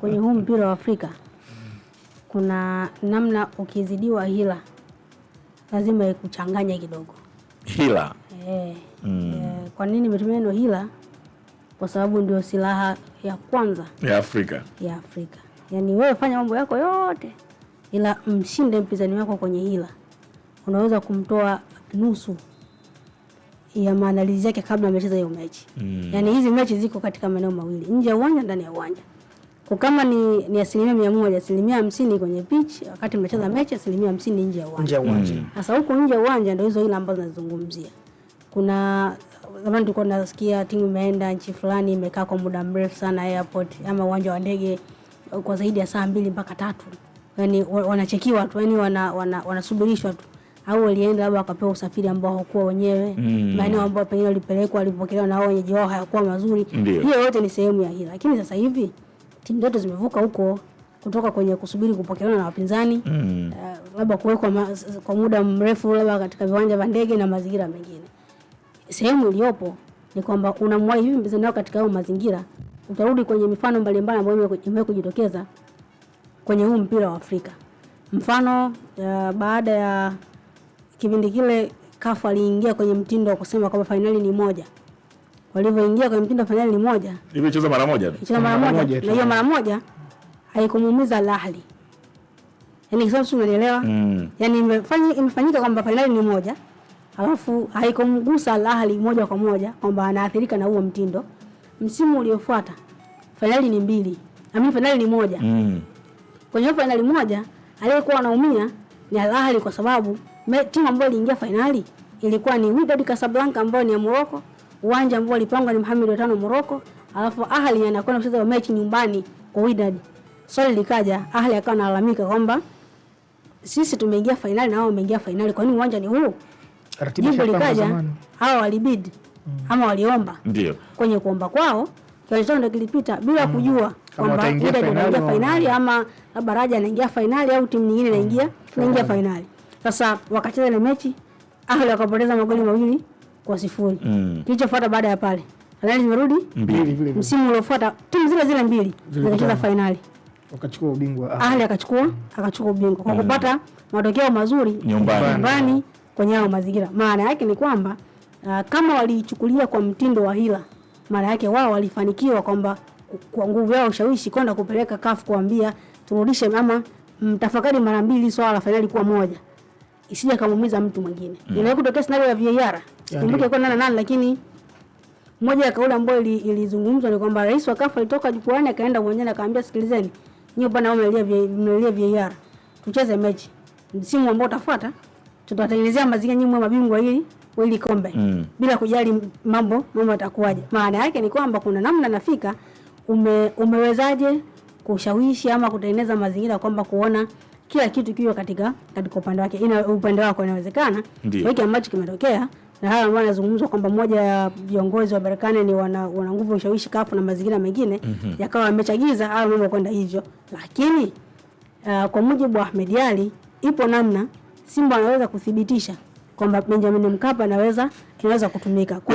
Kwenye huu mpira wa Afrika kuna namna, ukizidiwa hila lazima ikuchanganye kidogo hila e, mm. E, kwa nini nimetumia neno hila? Kwa sababu ndio silaha ya kwanza ya Afrika ya Afrika. yani wewe fanya mambo yako yote, ila mshinde mpinzani wako kwenye hila. Unaweza kumtoa nusu ya maandalizi yake kabla amecheza hiyo mechi mm. Yani hizi mechi ziko katika maeneo mawili, nje ya uwanja, ndani ya uwanja. Kwa kama ni, ni asilimia mia moja, asilimia hamsini kwenye pitch wakati mnacheza mechi, asilimia hamsini nje ya uwanja. Mm. Sasa huko nje ya uwanja ndio hizo ile ambazo nazungumzia. Kuna zamani tulikuwa tunasikia timu imeenda nchi fulani imekaa kwa muda mrefu sana airport ama uwanja wa ndege kwa zaidi ya saa mbili mpaka tatu, yani wanachekiwa tu, yani wanasubirishwa wana, wana tu au walienda labda wakapewa usafiri ambao hawakuwa wenyewe mm. maeneo ambayo pengine walipelekwa walipokelewa na wao wenyeji wao hayakuwa mazuri. Hiyo yote ni sehemu ya hila, lakini sasa hivi timu zote zimevuka huko kutoka kwenye kusubiri kupokelewa na wapinzani mm. uh, labda kuwekwa kwa muda mrefu labda katika viwanja vya ndege na mazingira mengine. Sehemu iliyopo ni kwamba unamwahi hivi mpinzani wako katika hayo mazingira, utarudi kwenye mifano mbalimbali ambayo imewahi kujitokeza kwenye huu mpira wa Afrika. Mfano uh, baada ya kipindi kile kafu aliingia kwenye mtindo wa kusema kwamba fainali ni moja walivyoingia kwenye mtindo wa fainali moja imecheza mara moja tu, imecheza mara moja, na hiyo mara moja haikumuumiza Al Ahly. Yani kwa sababu unanielewa, mm. yani imefanyika imefanyika kwamba fainali ni moja, alafu haikumgusa Al Ahly moja kwa moja kwamba anaathirika na huo mtindo. Msimu uliofuata fainali ni mbili, na mimi fainali ni moja mm. kwenye fainali moja aliyekuwa anaumia ni Al Ahly kwa sababu timu ambayo iliingia fainali ilikuwa ni Wydad Casablanca ambayo ni ya Morocco uwanja ambao walipangwa ni Mohamed 5 Morocco, alafu Ahli anakwenda kucheza mechi nyumbani kwa Wydad. Swali likaja, Ahli akawa analalamika kwamba sisi tumeingia fainali na wao wameingia fainali, kwa nini uwanja ni huu? Jibu likaja, hao walibid mm. ama waliomba. Ndio kwenye kuomba kwao kiwanja ndio kilipita bila mm. kujua kwamba Wydad anaingia fainali ama labda Raja anaingia fainali au timu nyingine inaingia mm. inaingia fainali. Sasa wakacheza ile mechi Ahli wakapoteza magoli mawili kwa sifuri. Mm. Kilichofuata baada ya pale Arsenal zimerudi mbili. Msimu uliofuata timu zile zile mbili zikacheza fainali wakachukua ubingwa. Ah. Ahli akachukua akachukua ubingwa kwa mm. kupata mm. matokeo mazuri nyumbani kwenye hao mazingira. Maana yake ni kwamba uh, kama walichukulia kwa mtindo wa hila, maana yake wao walifanikiwa kwamba kwa nguvu yao ushawishi kwenda kupeleka CAF kuambia turudishe ama mtafakari mara mbili swala la fainali kuwa moja, isije kamuumiza mtu mwingine. Mm. Inaweza kutokea scenario ya VAR Yaani Kumbuke kwa nani nani, lakini moja ya kauli ambayo ilizungumzwa ni kwamba rais wa CAF alitoka jukwani akaenda uwanjani akamwambia, sikilizeni nyinyi bwana, mnalia VAR, tucheze mechi msimu ambao utafuata, tutawatengenezea mazingira nyinyi mwe mabingwa hili ili kombe mm. bila kujali mambo mambo yatakuwaje. Maana yake ni kwamba kuna namna nafika ume, umewezaje kushawishi ama kutengeneza mazingira kwamba kuona kila kitu kiwe katika katika upande wake, ina upande wako inawezekana, wiki ambacho kimetokea na hayo ambayo yanazungumzwa kwamba moja ya viongozi wa Marekani ni wana, wana nguvu ya ushawishi kafu na mazingira mengine mm -hmm. yakawa yamechagiza hayo mambo kwenda hivyo, lakini uh, kwa mujibu wa Ahmed ali ipo namna Simba anaweza kuthibitisha kwamba Benjamin Mkapa anaweza inaweza kutumika kwa